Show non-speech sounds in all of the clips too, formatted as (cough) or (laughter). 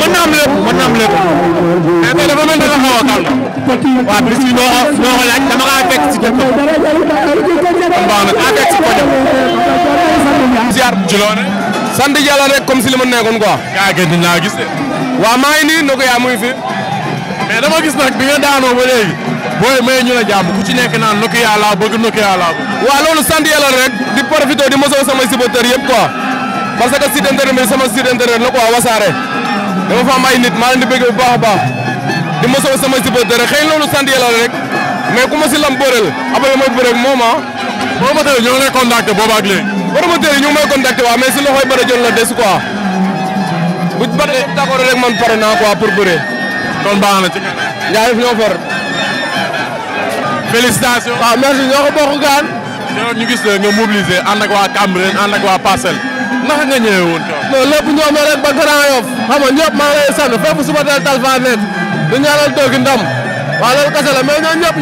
mën naa am lépp mën naa am lépp mais tey dafa a kàll. waaw bis bi doo doo ko laaj dama kaa li ma nekkoon quoi. yaa gën naa gis de. waaw maa ngi nii ndogu yaa muy fi. mais dama gis nag bi nga daanoo ba léegi. booy may ñu la ci nekk naan Nokia laa bëgg Nokia laa bëgg. waaw loolu sant rek di profité di mosoo sama supporters yëpp quoi parce que site internet bi sama site internet la quoi wasaare. dama fa am ay nit maa leen di bëgg baax a baax di mosoo sama supporter rek xëy na loolu sant yàlla rek mais ku ma si lam bëreel après mooy bëreeg moom ah. promoteur yi ñoo ngi lay contacter booba ak léegi. promoteur yi ñu ngi may contacter waaw mais si loxoy bëre jël la des ko bu ba de d'accord rek man pare naa quoi pour bëre. kon baax na ci keneen. jaay ñoo far. félicitations. waaw merci ñoo ko bokk gaan. ñu gis nga mobilisé ànd ak waa Cambérène ànd ak waa Parcelles naka nga non lépp ñoom la rek ba Grand Yoff xam nga ñëpp maa ngi lay sant fépp suba teel Talfa nekk du ñaanal doogi ndam waaw loolu kese la mais ñoo ñëpp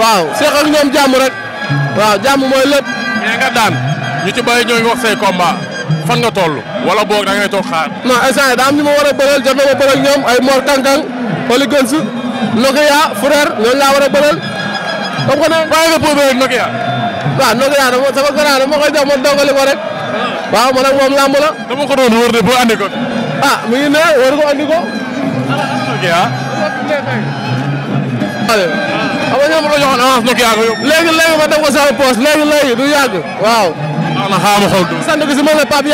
waaw seex ñoom jàmm rek waaw jàmm mooy lépp. mais nga daan ñu ci bëri ñoo ngi wax say fan nga toll wala boog da ngay toog xaar. non instant yii daa am ñu ma war a bëreel jot na ñoom ay Mor Kankang Oligons Nokia frère ñooñu laa war a bëreel. xam ne bàyyi nga pour bëreel Nokia. waaw Nokia dama waaw man ak moom làmb la. dama ko doon wër de boo andi ko. ah mi ngi ne wër ko andi ko. ok ah. xam nga ñoom la joxoon avance nag yaa du yàgg waaw. na xaaral ma xool tuuti. sant gi si man la Pape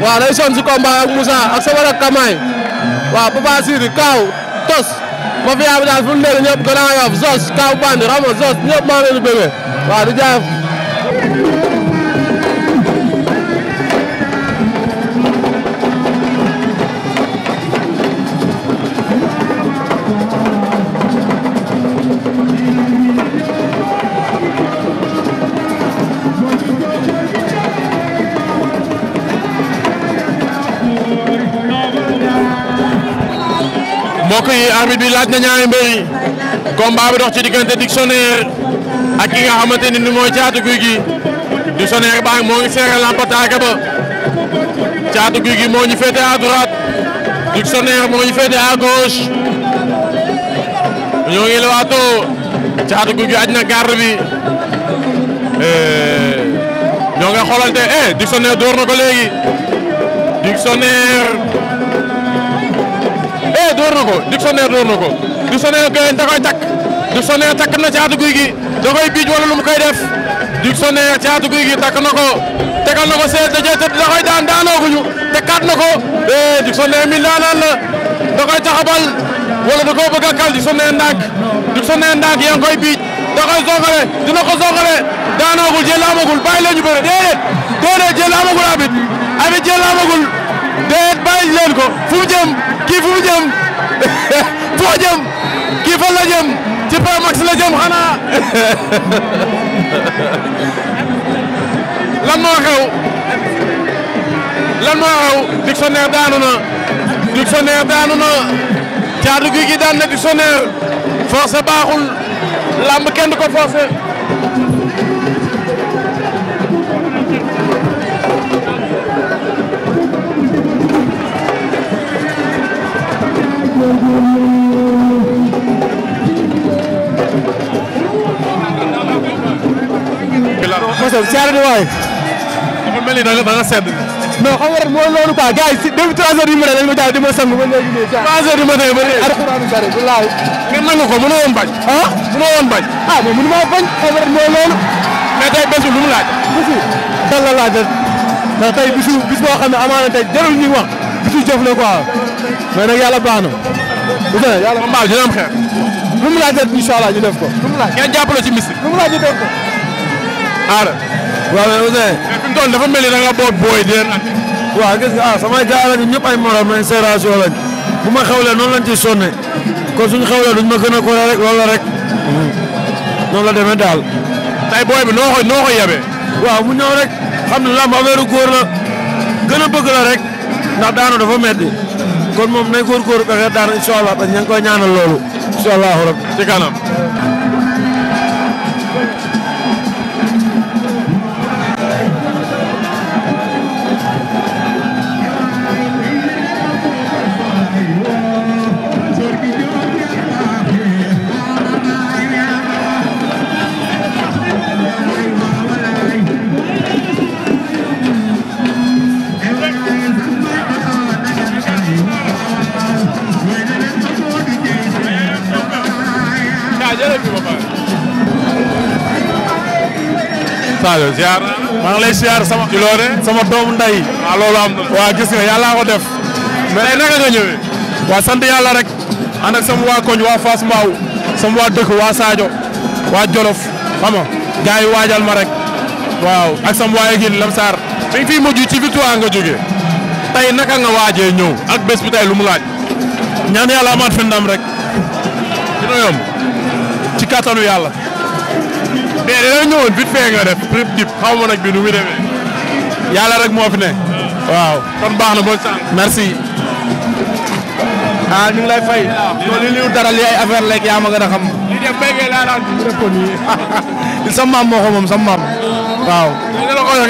waaw day sonn si combat ak Moussa ak sama rak waaw Papa Sidi Kaaw Tos. ma fi yaa bi daal fu mu nekk ñëpp Kaaw Bandi xam nga Zos maa ngi leen di bëggee du jaay mbokk yi arbitre bi laaj na ñaari mbër yi combat dox ci diggante Dictionnaire ak ki nga xamante ni ni Caatu Guy gi Dictionnaire baa moo ngi seere lampataaka ba moo ñu féete à ñoo ngi lewaatoo Caatu Guy gi aj na garde bi eh, ñoo nga xoolante eh Dictionnaire door léegi Dictionnaire door na ko Dictionnaire door na ko Dictionnaire gën da koy takk Dictionnaire takk na caatu guy gi da koy biij wala lu mu koy def Dictionnaire caatu guy gi takk na ko tegal na ko seet da tëdd da koy daan daanooguñu tekkaat na ko eh Dictionnaire mi daanaan la da koy taxabal wala da koo bëgg a kal Dictionnaire ndànk Dictionnaire ndànk yaa ngi koy biij da koy zongale dina ko zongale daanoogul jël amagul bàyyi leen ñu bëre déedéet déedéet jël amagul abit abit jël amagul déet bàyyi leen ko fu mu jëm kii fu mu jëm (laughs) foo jëm kii fan la jëm ci Pamax la jëm xanaa (laughs) lan moo xew lan moo xew Dictionnaire daanu na Dictionnaire daanu na caadu gi gi daan na Dictionnaire forcé baaxul lamb kenn du ko forcé mosal siyaare na waay. dafa mel ni da nga sedd. non xam nga rek moo loolu quoi gars yi si depuis 3 heures du matin dañ ma jaay di ma sang ba léegi nii. 3 heures du matin ba léegi. alxuraanu kari wallaahi. ngeen nangu ko mënoo woon bañ. ah mënoo woon bañ. ah mais mënu maa bañ xam nga rek moo loolu. mais tey bés bi lu mu laaj. bés bi lan la laaj rek ndax tey bisu bis boo xam ne amaana tey jarul ñuy wax bisu jëf la quoi mais nag yàlla baax na. bu fekkee yàlla combat bi dina am xeex. lu mu laaj rek incha allah ñu def ko. lu mu laaj ngeen jàppale ci mystique. lu mu laaj ñu dafa mel ni da nga booy di leen àtte. waaw gis nga ah samay gars lañu ñëpp ay morom ay génération lañ bu ma xewlee noonu la ciy sonne ko suñu xewlee duñ ma gën a kóore rek loolu la rek. noonu la demee daal. tay booy bi noo ko noo ko yebee. waaw mu ñëw rek xam ne làmb affaire góor la gën a bëgg la rek ndax daanu dafa metti kon moom nay góorgóorlu pexe daan incha allah te ña ngi koy ñaanal loolu. incha allah rabbi ci kanam. Sadio ziar. maa ngi lay ziar sama. doom loone sama nday waaw ah, am na. gis nga yàlla ko def. mais tey naka nga ñëwee. waa sant yàlla rek. ànd ak sama waa koñ waa Fass Mbaaw. sama waa dëkk waa Sadio. waa Jolof xam nga gars yi waajal ma rek. waaw ak sama waa Egil Lamsar. fi fii mujj ci victoire nga jógee. tey naka nga waajee ñëw. ak bés lu mu laaj. ñaan yàlla amaat fi rek. dina ci kattanu yàlla. mais dina ñëwoon vite nga yàlla rek moo fi ne. baax na bon merci. Ah, ñu ngi lay fay. li li dara li ay affaire lekk yaa ma gën a xam. li laa (laughs) waaw.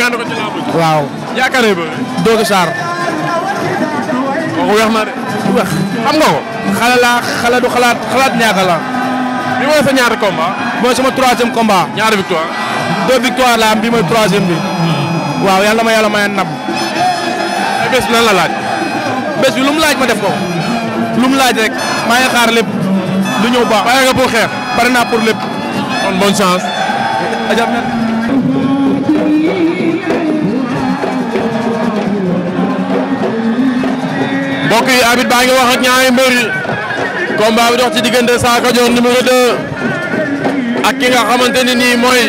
waaw. yaakaaree ba. Dodo Sarr. kooku weex na de. xam nga ko. xale laa xalaat xalaat ñaaka la bi mooy sa ñaari combat mooy sama troisième combat ñaari victoire deux victoire la am bi mooy troisième bi hmm. waaw yàlla ma yàlla may nab ay bés bi la laaj bés bi lu mu laaj ma def ko lu mu laaj rek maa ngi xaar lépp lu ñëw baax pare pour xeex naa pour lépp kon bonne chance mbokk yi abit baa ngi wax ak ñaari mbër yi combat bi dox ci diggante Sakho Dior numéro 2 ak ki nga xamante ni nii mooy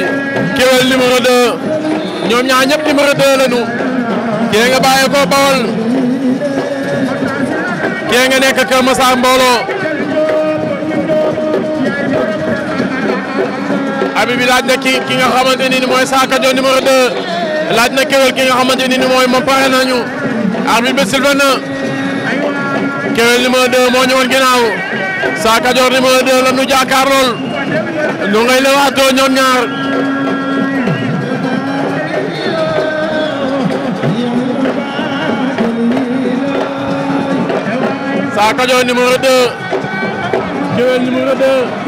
Kewel numéro 2 ñoom ñaar ñëpp numéro 2 lañu kee nga bàyyee ko Bawol kee nga nekk Kër Masar mbooloo abi bi laaj na ki nga xamante ni mooy Sakho Dior numéro 2 laaj na Kewel ki nga xamante ni mooy moom pare nañu arbitre bi sifflé na Kewel numéro 2 moo ñëwoon ginnaaw Sa Cadior numéro 2 la ñu jàkkaar lool ñu ngay lewaatoo ñoom ñaar Sa Cadior numéro 2 Gueweul numéro 2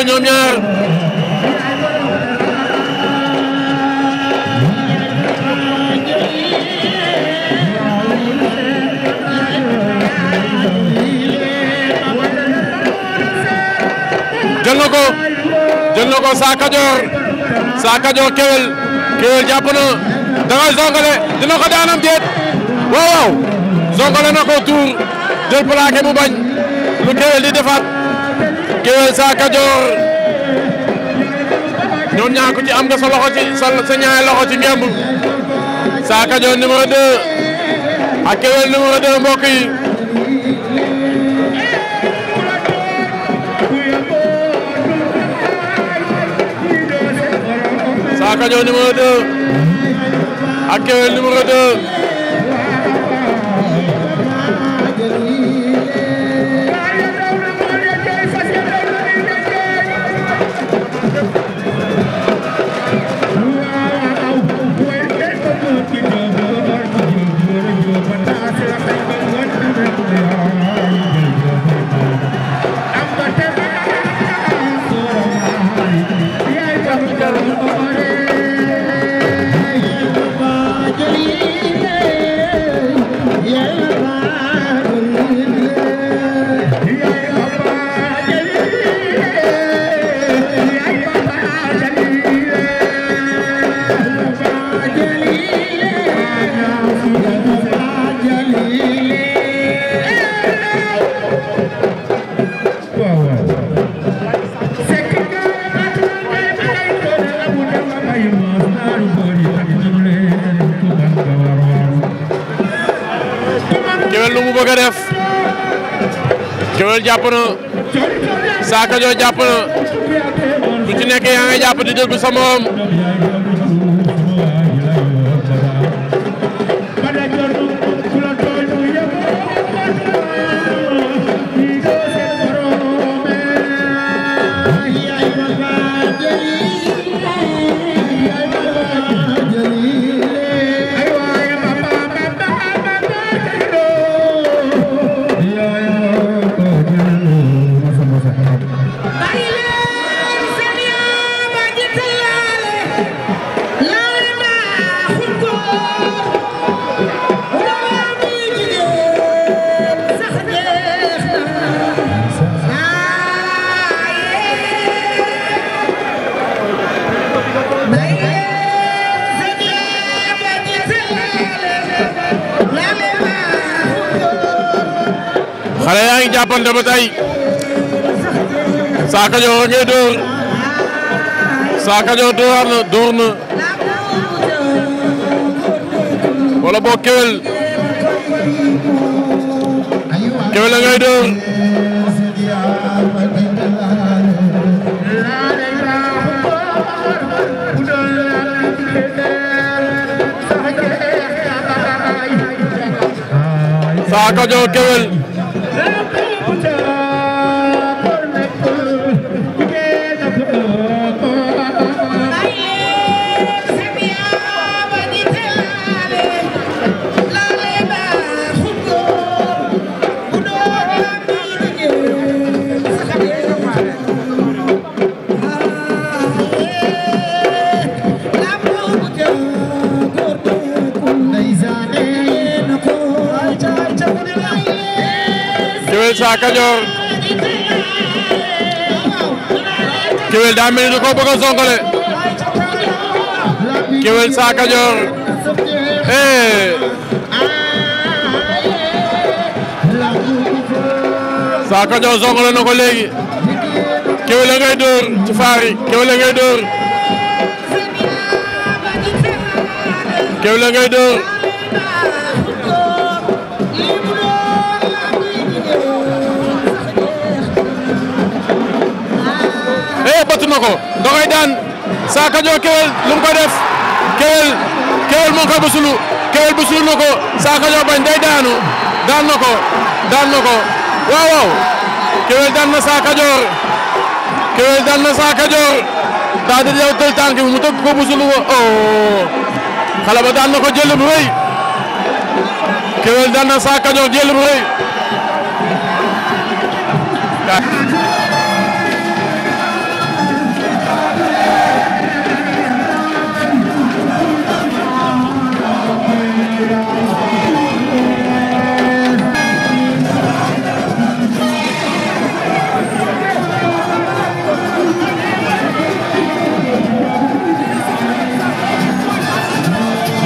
tegaloo ñoom ñaar jël na ko jël na ko Sa Kajoor Sa Kajoor Kewel Kewel jàpp na dangay zongale dina ko daanam déet waaw waaw na ko tuur jël plaqué mu lu Kewel di defaat géwél saa kajoor ñoom ñaa ci am nga sa loxo ci sa sa loxo ci ngemb saa kajoor numéro 2 ak géwél numéro 2 mbokk yi jàpp na Sa Cadior jàpp na ku ci nekk yaa ngi jàpp di jël bu sa moom xale yaa ngi jàppante ba tey Sa Cadior ngay dóor Sa Cadior dóor wala boo Kewel Kewel la ngay dóor Sa Kewel Keweul Saa Kajoor Keweul daa mel ni a songale Keweul Saa Kajoor eh Saa Kajoor songale na ko léegi a ngay dóor ci faar a ngay dóor Sa Cadior Kewel lu ko def Kewel Kewel mu ngi koy busulu Kewel busulu na ko Sa bañ day daanu daan na ko Kewel daan na Sa Cadior Kewel daan na Sa Cadior daa di yow tël tànk bi mu tëgg ko busulu ko oh daan na ko jël bu Kewel daan na Sa Cadior jël bu rëy.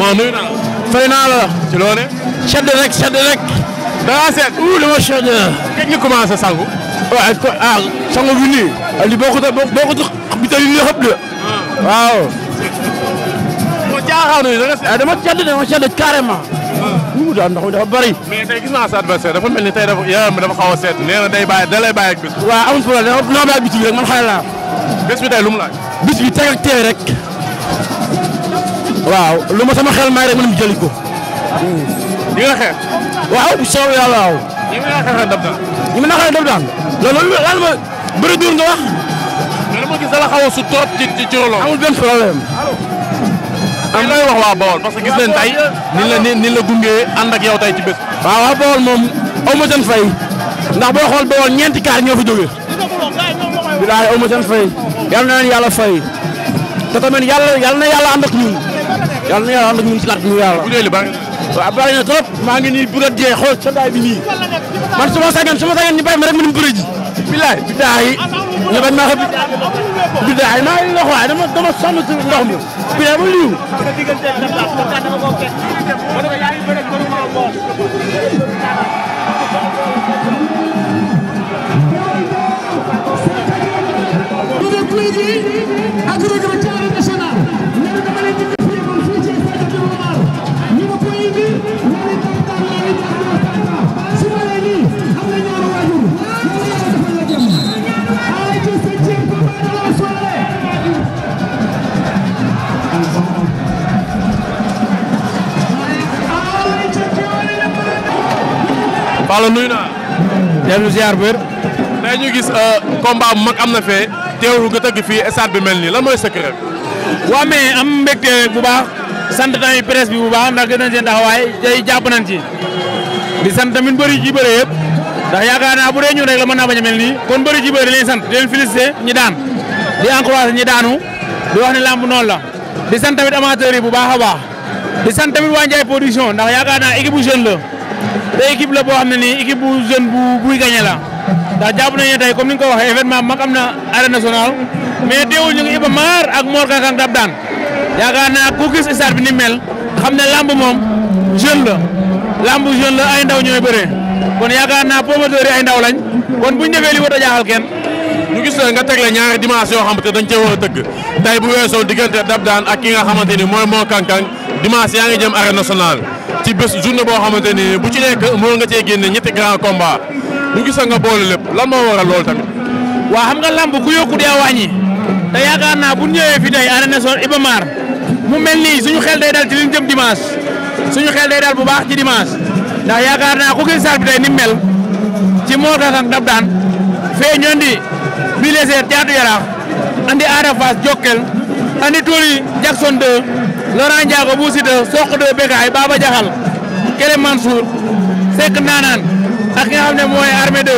maa nuyu naa la. fay naa la. ci loonee. sedd rek sedd rek. da seet. wuu li ma sedd. kañ nga commencé sangu. waaw ko ah sangu bi nii. li bokkut a a bital yi nii xëpp la. Ah. waaw. moo jaaxal ndox mi dafa bëri. mais tey gis naa sa dafa mel ni tey dafa yaram bi dafa xaw a seet nee na day bàyyi da lay bàyyi ak bis. waaw amul problème dafa waaw lu ma sama xel may rek ma dem jëli ko. di nga xeex. waaw bu soobee yàlla waaw. ñi ma naqaree dab daan. ñi ma naqaree dab ma bëri duur nga wax. a su trop ci ci na wax waa Bawol parce que gis leen tey ni la ni la gunge ànd ak yow tey ci bés. waaw waa Bawol moom aw ma seen fay ndax boo xool Bawol ñeenti kaar ñoo fi jógee. bilaay aw ma seen fay. yal na yàlla fay te tamit yàlla yal na yàlla ànd ak yàlla na yàlla ànd ak ñun si kàddu gi yàlla. bu dee li bari waaw bari na trop. maa ngi nii bëgg a dee xool seddaay bi nii man su ma sañoon su ma sañoon ñu bàyyi ma rek ma dem bëri ji. bilaay bidaay ñu bañ maa ko bidaay maa ngi wax waaye dama dama sonn si ndox mi bidaay ma liiw. ak rëgg-rëgg national Fallou nuyu naa. dellu ziar bu wér. tey ñu gis euh, combat bu mag am na fee teewlu nga tëgg fii bi mel nii lan mooy secret. waaw mais am mbégte bu baax. sant nañu presse bi bu baax ndax gis nañ seen taxawaay tey jàpp nañ ci di sant tamit mbëri ji bëre yëpp ndax yaakaar naa bu dee ñun rek la mën naa bañ a nii kon mbëri ji bëre di sant di leen ñi daan di encouragé ñi daanu di wax ne làmb noonu la di sant tamit amateurs bu baax a baax di sant tamit waa Ndiaye production ndax yaakaar naa équipe bu jeune la te équipe la boo xam ne nii équipe bu jeune bu buy gagné la ndax jàpp nañu ne tey ni nga ko waxee événement ma am na arène nationale mais teewul ñu ngi Iba ak Mor Kankang daan yaakaar naa ku gis stade bi ni mel xam ne lamb moom jeune la lamb jeune la ay ndaw ñooy bëree kon yaakaar naa promoteurs yi ay ndaw lañ kon bu buñ defee li war a jaaxal kenn. ñu gis nga teg la ñaari dimanche yoo xam te dañ cee war a tëgg tey bu weesoo diggante dab daan ak ki nga xamante ni mooy moo kankang dimanche yaa ngi jëm arène nationale ci bés journée boo xamante ni bu ci nekk moo nga cee génne ñetti grand combat ñu gis nga boole lépp lan moo waral loolu tamit. waa xam nga lamb ku yokku dee wàññi te yaakaar naa bu mu mel ni suñu xel day dal ci li ñu jëm suñu xel day dal bu baax ci dimanche ndax yaakaar naa ku gis saal bi tey ni mel ci moo tax ak dab daan fee ñoon di bi leseer jaatu yaraax andi Ada Fass Jokkel andi Tony Jackson 2 Laurent Ndiago Bou Siteu Sokh 2 Bécaye Baba Diakhal Kélé Mansour ak nga ne mooy armée 2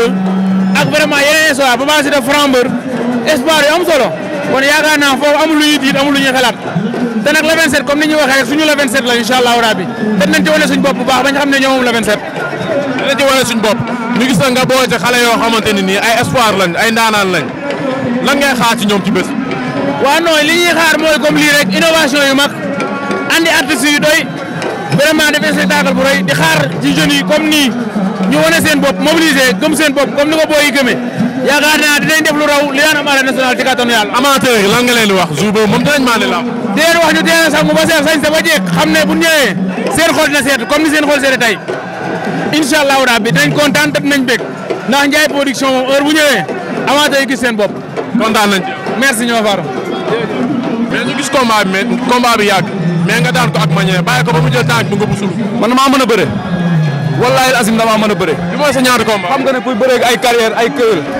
ak vraiment yeneen espoir Baba Siteu Frambeur espoir yu am solo kon yaakaar naa foofu amul lu tiit amul lu ñuy te nag le 27 comme ni ñu waxee rek suñu le 27 la incha allahu rabi te nañ ci wane suñu bopp bu baax ba ñu xam ne ñoo moom le 27. dinañ ci wane suñu bopp ñu gis na nga boole ci xale yoo xamante ne nii ay espoir lañ ay ndaanaan lañ lan ngay xaar ci ñoom ci bés. waaw non li ñuy xaar mooy comme lii rek innovation yu mag andi artistes yu doy vraiment def spectacle bu rëy di xaar ci jeunes yi comme nii ñu wane seen bopp mobiliser gëm seen bopp comme ni ko booy yaakaar naa dinañ def lu raw li daan am arène nationale ci kattanu yàlla. amateur lan nga wax jour moom dinañ maa leen la am. di leen wax ñu dee na sangu ba seet sañ sa ba jeeg xam bu ñëwee seen xol na seet comme ni seen xol seete tey incha allahu rabbi kontaan te nañ bég ndax Ndiaye production moom heure bu ñëwee amateur yi gis seen bopp. kontaan nañ ci. merci ñoo far. mais ñu gis combat bi mais combat bi nga daan ko ak manière bàyyi ko ba mu jël tànk bu nga busul. man maa mën a bëre. a nga ne kuy bëree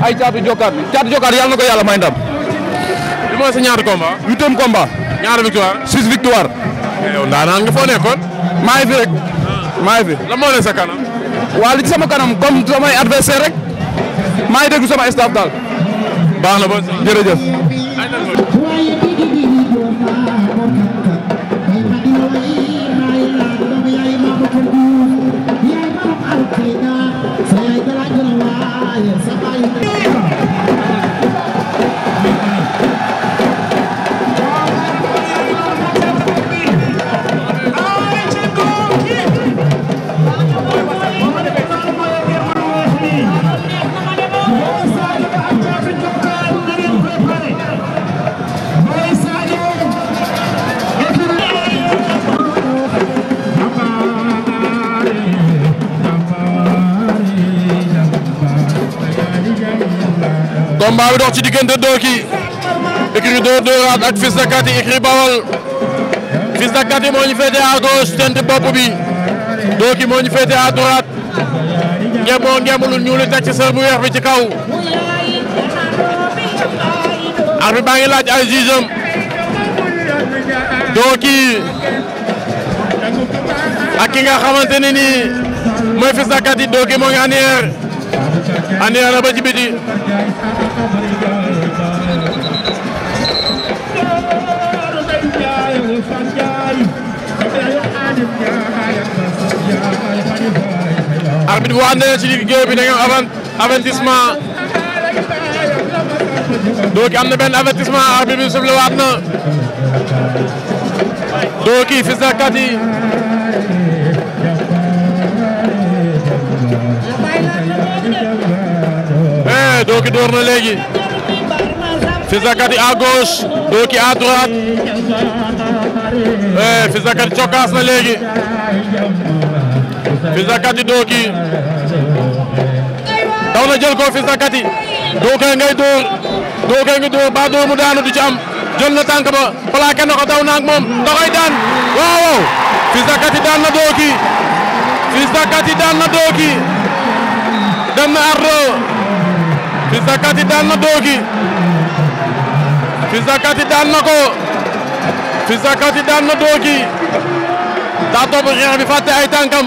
ay caatu jokkaat caatu jokkaat yàlla na ko yàlla may ndam. li mooy ñaari combat. huitième combat. ñaari victoire. six victoire. Eh, yow ndaanaan nga foo nekkoon. maa ngi fi rek. Ah. maa ngi fi. lan sa kanam. waa li ci sama kanam comme samay adversaire rek. maa ngi déglu sama staff daal. baax na ba jërëjëf. combat bi dox ci diggante Doki écurie Dóor Dóoraat ak Fils de Katy écurie Bawol Fils de Katy moo ñu féetee à bi Doki moo ñu féetee à droite ngem moo teg ci sër bu weex bi ci kaw. arbitre baa ngi laaj ay juge am Doki ak ki nga xamante ne nii mooy Fils de Katy Doki moo ngi na ba ci biti. arbitre bu àndee ci digg géew bi da ngeen avant avertissement Doki am na benn avertissement arbitre bi sufle waat eh, léegi Fils de eh, na léegi Fils de Katy doo kii daw na jël ko Fils ba dóor daanu du ci am jël na tànk na ko daw ak moom da koy daan waaw waaw Fils de Katy daan na doo kii Fils de Katy daan na doo kii xeex bi fàtte ay tànkam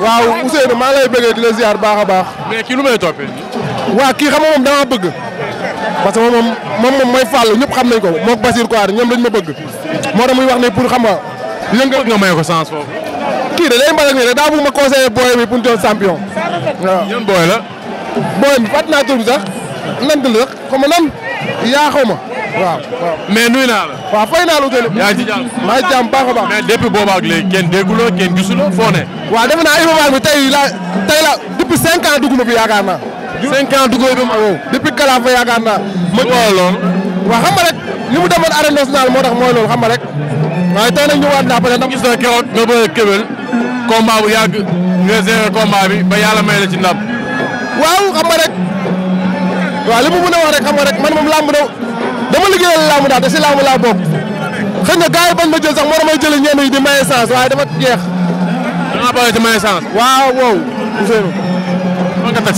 waaw Ousseynou maa lay bëggee di la baax a baax. mais kii lu may toppee. kii xam nga moom damaa bëgg. parce que moom moom moom mooy Fallou ñëpp xam nañ ko moo moog Basir Kouar ñoom dañ ma bëgg. moo tax muy wax ne pour xam nga. yëngal nga may ko sens foofu. kii da lay mbal ak ne daa bëgg ma conseiller booy bi pour ñu doon champion. waaw ñoom booy la. booy bi fàttali naa tur bi sax nan la sax xaw yaa xaw ma. waaw waaw mais nuy naa la. waaw fay naa lu gën a. yaa ngi ci jàmm maa ngi a baax. mais depuis boobaa ak léegi kenn dégguloo kenn gisuloo foo ne. waaw defe naa Iba Mar bi tey la tey la depuis cinq ans duguma bi yaakaar naa. cinq ans duguma bi ma woo. depuis Kalaafa yaakaar naa. ma waaw loolu. waaw xam nga rek ni mu demoon arène nationale moo tax mooy loolu xam nga rek. waaye tey nag ñëwaat naa peut être. gis naa keroog nga bëgg kébel. combat bu yàgg nga gérer combat bi ba yàlla may la ci ndam. waaw xam nga rek. waaw mën a wax rek xam nga dama liggéeyal laamu daal te si laamu laa bokk xëy na yi bañ ma jël sax moo damay jëlee ñenn yi di maye chance waaye dafa jeex. dama boole di maye chance. waaw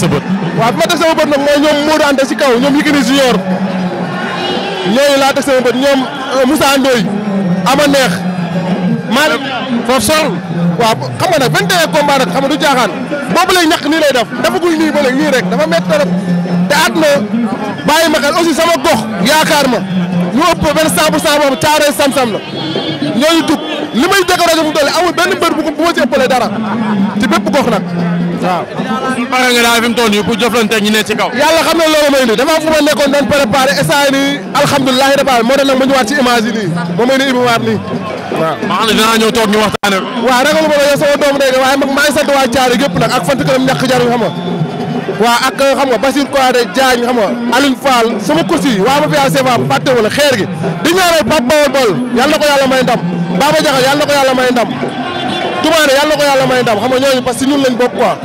sa bët. waaw fi ma teg sama bët nag mooy ñoom si kaw ñoom Yékini Junior ñooñu laa teg sama euh, ama neex. maanaam foofu soxla. waaw xam nga nag 21 combat nag xam nga du jaaxaan boobu lay ñàkk nii lay def defagul nii ba nii rek dafa métti trop te at na bàyyi ma xel aussi sama gox yaakaar ma ñu ëpp benn 100 pour 100 boobu caaroy sam-sam la ñooñu dugg li may mu toll amul benn mbër bu bu ma ci ëppalee dara ci bépp gox nag waaw. kon pare nga daal fi mu toll nii pour jëflanteeg ñu ne ci kaw. yàlla xam na loolu may indi dafa am fu ma nekkoon doon préparé instant yii nii alhamdulilah rabbil alamin moo tax nag ma ñëwaat ci image yi nii moom mooy nii image nii waaw. maa xam ne dinaa ñëw toog ñu waa Thiaré yëpp nag ak fant këram waaw ak euh, xam nga Basir Kouade Diagne xam nga Alioune Fall sama kursi waa ma fi yàlla seefa fàtte wala xeer gi di ñaanal Pape Bawol Bawol yàlla na ko yàlla may ndam Baba Diakhal yàlla na ko yàlla may ndam Toumane yàlla na ko yàlla may ndam xam ñooñu parce que ñun lañ bokk quoi waaw.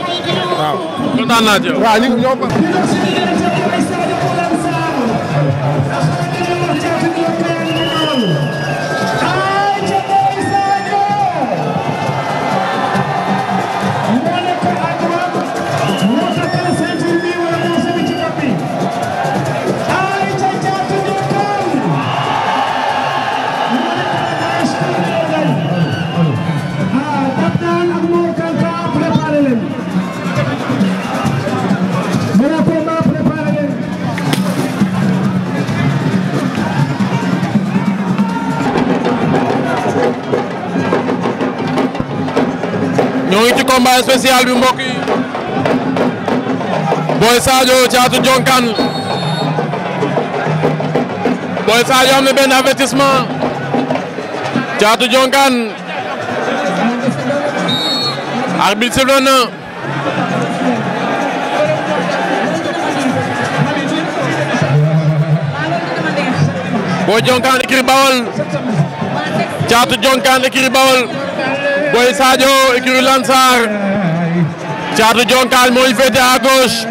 ñoo ngi ci combat bi mbokk yi Boy Sadio Thiatou Dionkane Boy Sadio am na benn avertissement Thiatou Dionkane arbitre sifflé na Boy Bawol Thiatou Dionkane écurie Bawol Boy Sadio écurie Lansar Thiatou Dionkal mooy féete à gauche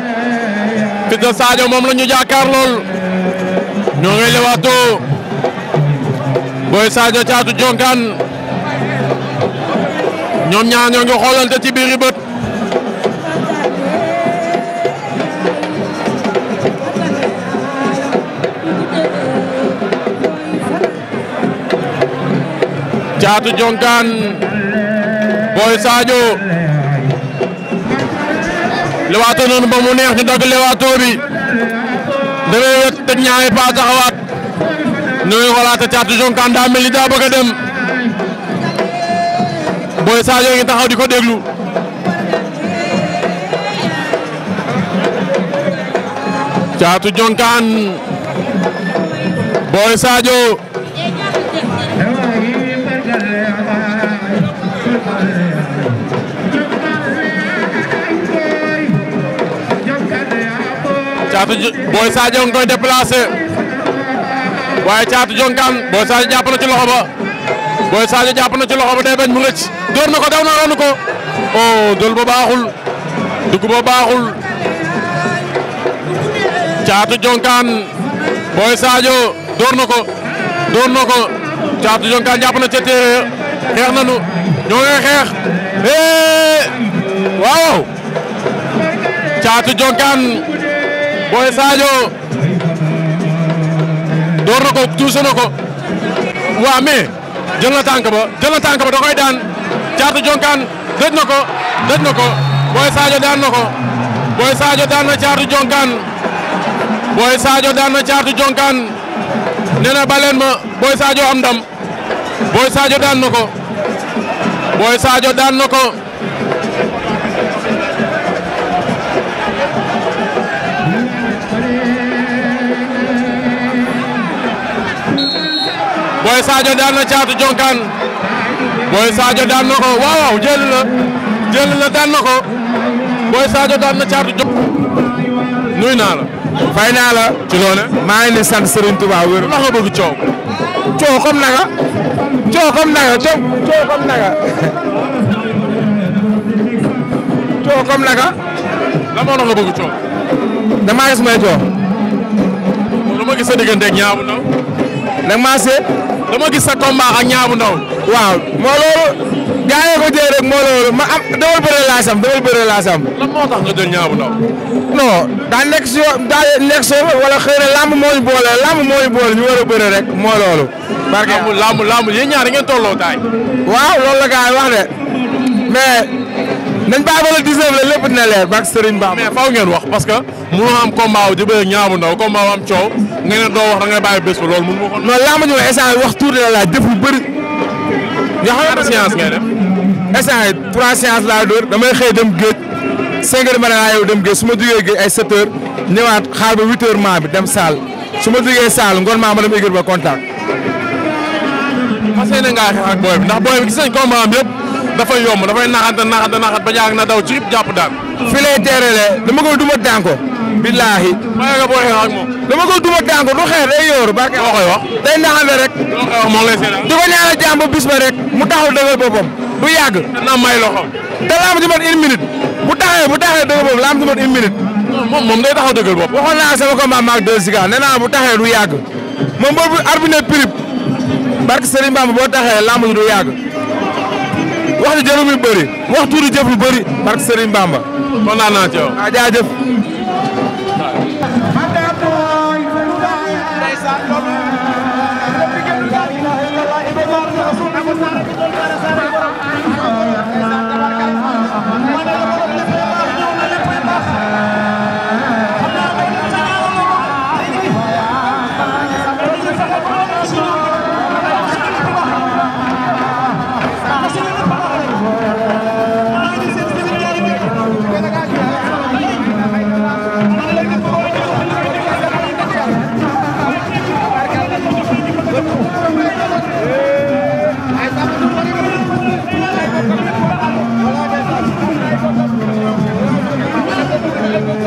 Fils de moom la ñu jàkkaar lool ñoo ngi lewaatoo Boy Sadio Thiatou Dionkal ñoom ñaar ñoo ngi xoolante ci biir bët Boy Sadio lewaatoo noonu ba mu neex ñu dagg lewaatoo bi demee wet teg ñaari pas taxawaat ñu ngi xoolaat Thiatou Jonkane daa mel daa bëgg a dem Boy ngi taxaw di ko déglu Thiatou Jonkane Boy Sadio Caatu Boy Sadio nga koy déplacé waaye Caatu Jonkaan Boy Sadio jàpp na ci loxo ba Boy Sadio jàpp na ci loxo ba day bañ mu rëcc door na ko daw na ronu ko oh dol ba baaxul dugg ba baaxul Caatu Jonkaan Boy Sadio door na ko door na Caatu Jonkaan jàpp na ca xeex nañu ñoo ngi xeex waaw Caatu Jonkaan Boy Sadio door na ko tuuse waa mais jël na tànk ba jël na tànk ba da daan caatu jonkaan dëj na ko dëj na ko Boy Sadio daan na ko Boy Sadio daan na caatu jonkaan Boy Sadio daan na caatu jonkaan nee na baleen ma Boy Sadio am ndam Boy Sadio daan na ko Boy Sadio daan na Boy Sadio daan na Caatu Jonkaan Boy Sadio daan na ko waaw waaw la jël la daan na ko Boy Sadio daan na Caatu Jonkaan nuy naa la. fay naa la. ci loone maa ngi leen sant Serigne Touba wér. wax nga bëgg coow. coow comme naka. coow comme naka coow coow comme naka. coow comme naka. la moo tax nga bëgg coow. damaa gis may coow. lu ma gis sa diggante ak ñaaw na. nag dama gis boole làmb moo boole ñu war a bëre rek moo loolu. parce que làmb làmb yéen ñaar ngeen tolloo waaw loolu la wax de mais. nañ baax ba le 19 la leer bak Serigne Ba. mais wax parce que mënoo am combat wu di bëre Niang am coow. nga doo wax da ngay bàyyi bés ba loolu mun ma ko. non wax tuuti la laaj def lu bëri. ñoo xam ne ngay def. instant trois séances laa dóor damay xëy dem géej cinq ma ne laa yow dem jugee géej ay sept heures ñëwaat xaar ba huit heures maa bi dem saal su ma jugee saal ngoon maa ma dem écurie ba contact. parce que ngaa xeex ak booy bi ndax booy bi gis nañ am yëpp dafay yomb dafay naxante naxante naxat ba ñaag na daw ci jàpp daan. fi lay teerale dama koy duma daan billaahi. maa ngi booy xeex ak moom. dama ko duma daan ko du xeex day yóoru barke moo koy wax. day naxambe rek. moo koy wax moo lay rek. mu taxaw dëgër boppam. du yàgg. dana may loxo. da laa bu taxawee bu taxawee dëgër boppam laa am ci man une minute. moom moom day taxaw dëgër boppam. waxoon naa sama combat maag deux Ziga nee naa bu taxawee du yàgg. moom boobu arbitre prip. barke Serigne Bamba boo taxawee lamb du yàgg. wax ji jëru mi bëri. wax jëf bëri. barke Serigne Bamba. kontaan naa ci yow. ah jaajëf.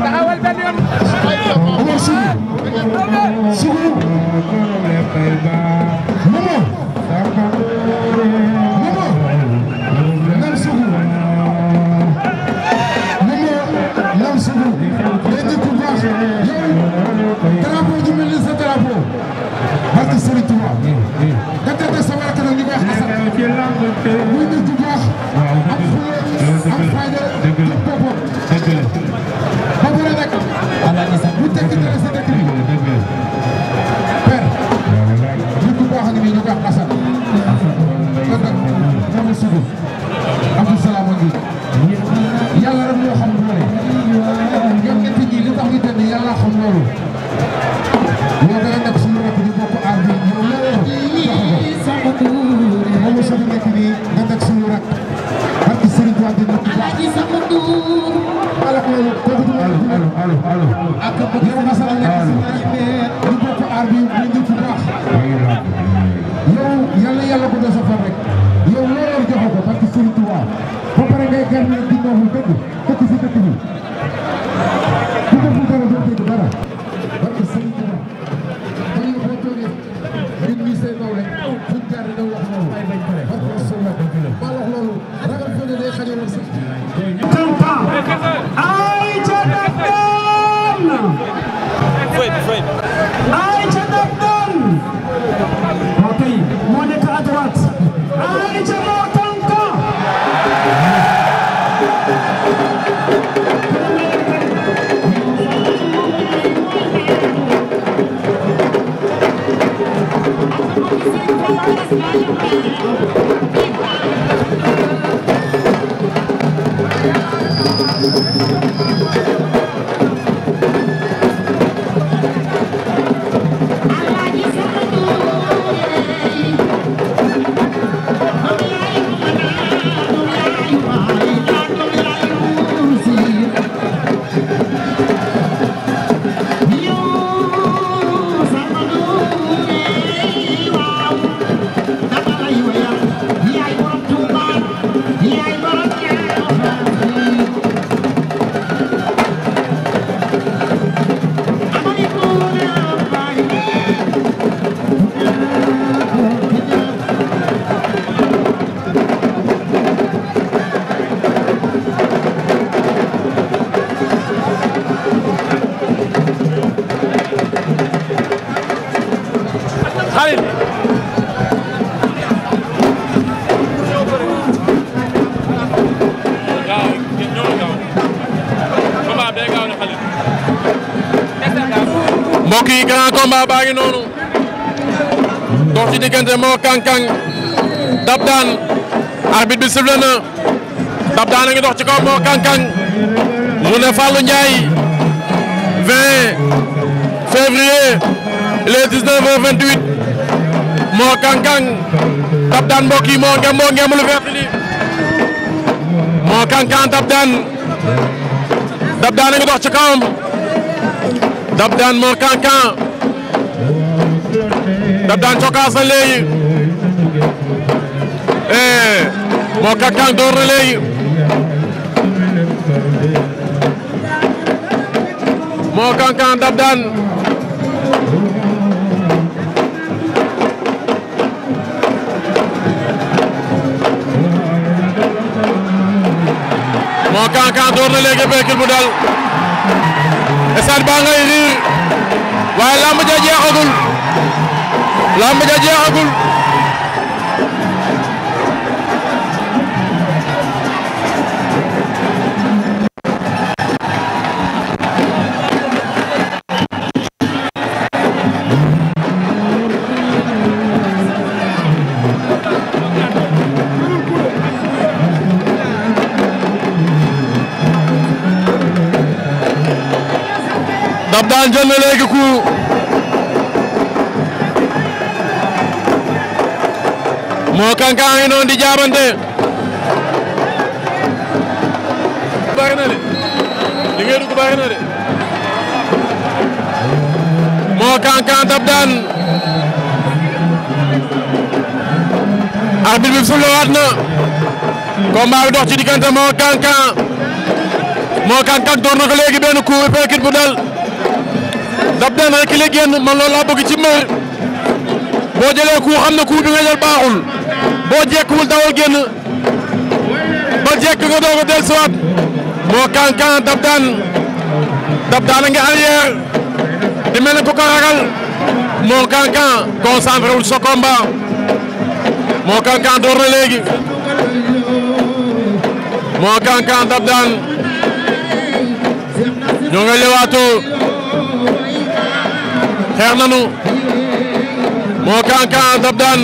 taxawal benn yoon. Omar Sy. Sy. Momo. combat baa ngi noonu dox ci moo kang-kang dab daan arbitre bi sifflé dab daan a ngi dox ci kaw moo kang-kang mu ne Fallou Ndiaye 20 février les 19 heures 28 moo moo kang-kang dab daan dab daan a ngi dox ci kawam dab daan moo kang-kang daf daan cokaas na léegi eh, moo kakkaan door na léegi moo kankan daf daan moo kankan door na léegi béykil bu dal esaat baa ngay riir waaye lamb ja jeexagul lamb ja jeexagul Dab daan jël na léegi ku moo Kanka ngi noonu di jaabante bari na de li ngay dugg moo Kanka dab daan bi fulewaat na combat bi dox ci diggante moo Kanka moo Kanka door na ko léegi benn coup bu fekkit bu dal dab daan rek li génn man loolu laa bëgg ci boo jëlee ku xam ne ku bi nga jël baaxul boo dawal génn ba jekk nga doog a dellusiwaat moo kan kan dab daan a ngi arrière di mel ne moo kan kan concentré wul sa combat moo kan kan door moo kan kan dab daan ñoo ngi leewaatoo xeex moo Kan Kan dab daan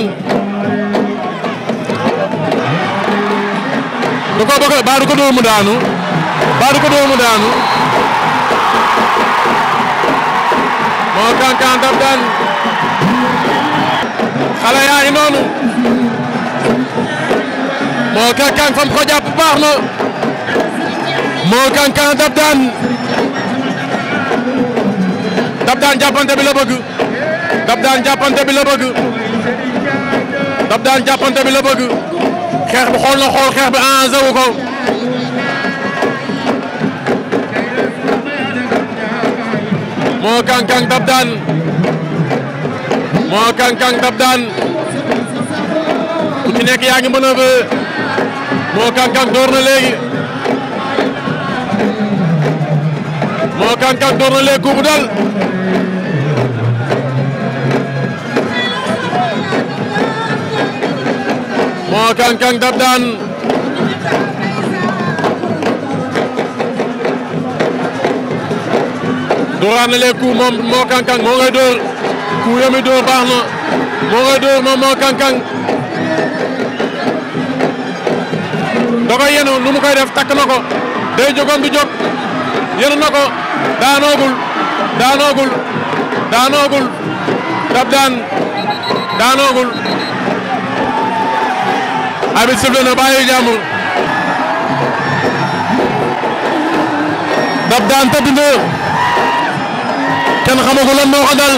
da koo bëgg baa du daanu baa du ko daanu moo Kan dab daan xale noonu moo Kan fam ko jàpp na moo Kan dab daan dab daan jàppante bi bëgg Dab Daan jàppante bi la bëgg Dab Daan jàppante bi la bëgg xeex bi xool na xool xeex bi arrangé wu ko. moo Kang Kang Dab Daan moo Kang Kang Dab Daan ku ci nekk yaa ngi mën a moo Kang Kang door na léegi moo Kang Kang door na léegi ku bu dal. moo Kang Kang dab daan dooraat na leen coup moom moo Kang Kang moo ngay door coup baax na moo ngay door moom moo Kang Kang da koy yenu nu mu def takk na ko day jógoon du jóg yenu na ko daanoogul daanoogul daanoogul dab daan daanoogul abit sifle na bàyyi jàmbur dab daan tëdd na kenn xamagu lan moo ko dal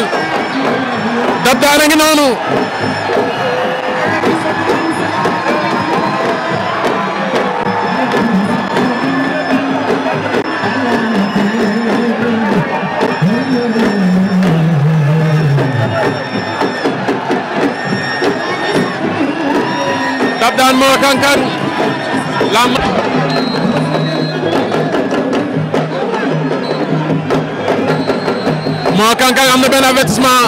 dab daan a ngi noonu Mama Kankan lamb Mama Kankan am na benn avertissement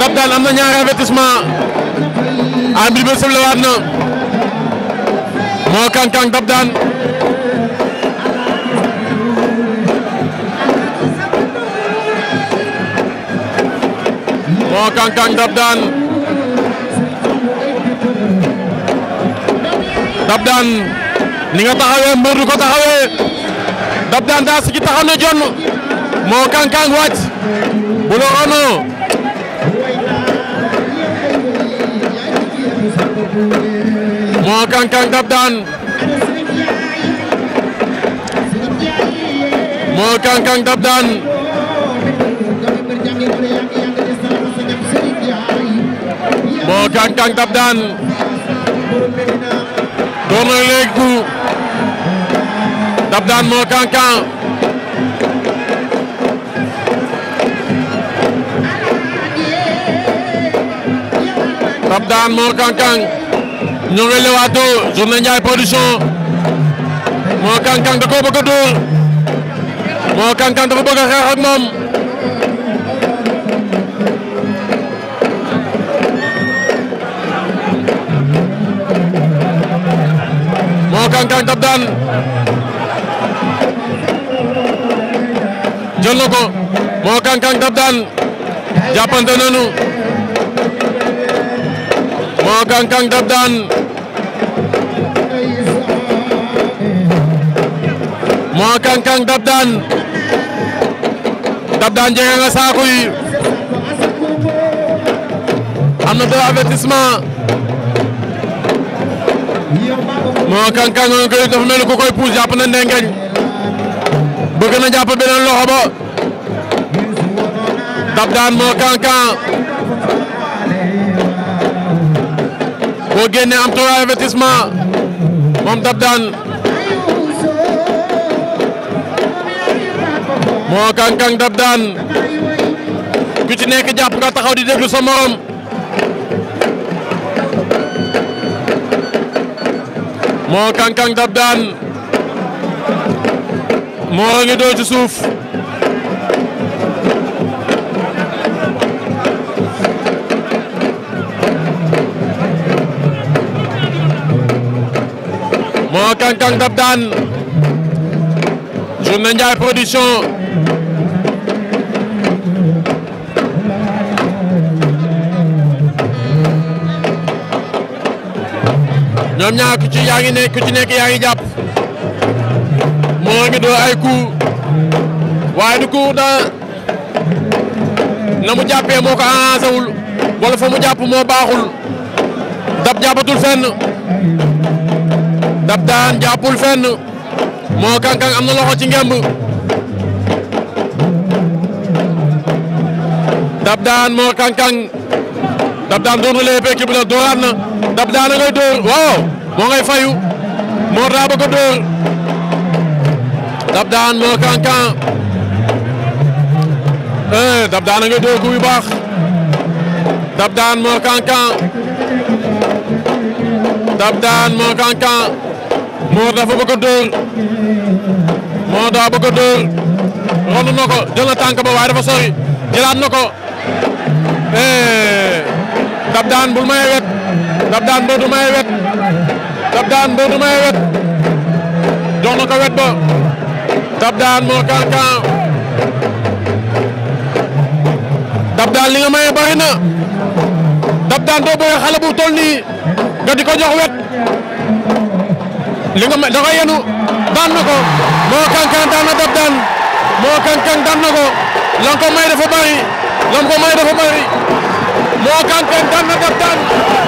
Dab Dane am na ñaari avertissement arbitre bi sëb la waat na Mama Kankan Dab Dane Mama Kankan Dab Dane Dab Daan ni nga taxawee mbër du ko taxawee Dab Daan daa si taxaw na jonn moo bu la onoo moo kànkàn Dab Dab Daan door na léegi ku dab daan moo Kan Kan dab daan production moo Kan Kan da koo bëgg a dóor moo Kan Kan da ko Kankang dab daan jël na ko moo Kankang dab daan jàppante nañu moo Kankang dab daan moo Kankang dab daan dab daan jege nga saako yi am na deux avertissement moo Kang Kang koy dafa mel ni koy puus jàpp na ndengeñ bëgg na jàpp beneen loxo ba dab moo Kang Kang boo am trois avertissement moom dab daan moo Kang Kang dab daan ku ci nekk jàpp nga taxaw di déglu sa morom moo kankang dab daan moo ngi doo suuf moo kankang production ñoom ñaar ku ci yaa ngi ne ku ci nekk yaa jàpp moo ngi doo ay coup waaye du coup na mu jàppee moo ko arrangé wala fa mu jàpp moo baaxul dab jàppatul fenn dab daan jàppul fenn moo kankang am na loxo ci ngemb dab daan moo kankang dab daan doon na lépp équipe la dab daana dóor waaw moo ngay fayu moo daa bëgg dóor dab moo kankan eh moo kankan moo kankan moo dafa dóor moo daa bëgg dóor ronu na ko jël na ba waaye dafa sori jëlaat na ko eh dab daan bul dab daan dootu may wet dab na ko wet ba dab moo kan kan li nga maye bari na dab doo bëgg xale bu toll ko jox wet li nga may da koy yenu daan na ko moo kan daan na dab moo kan daan na ko lan ko may dafa bari lan ko may dafa bari moo kan daan na dab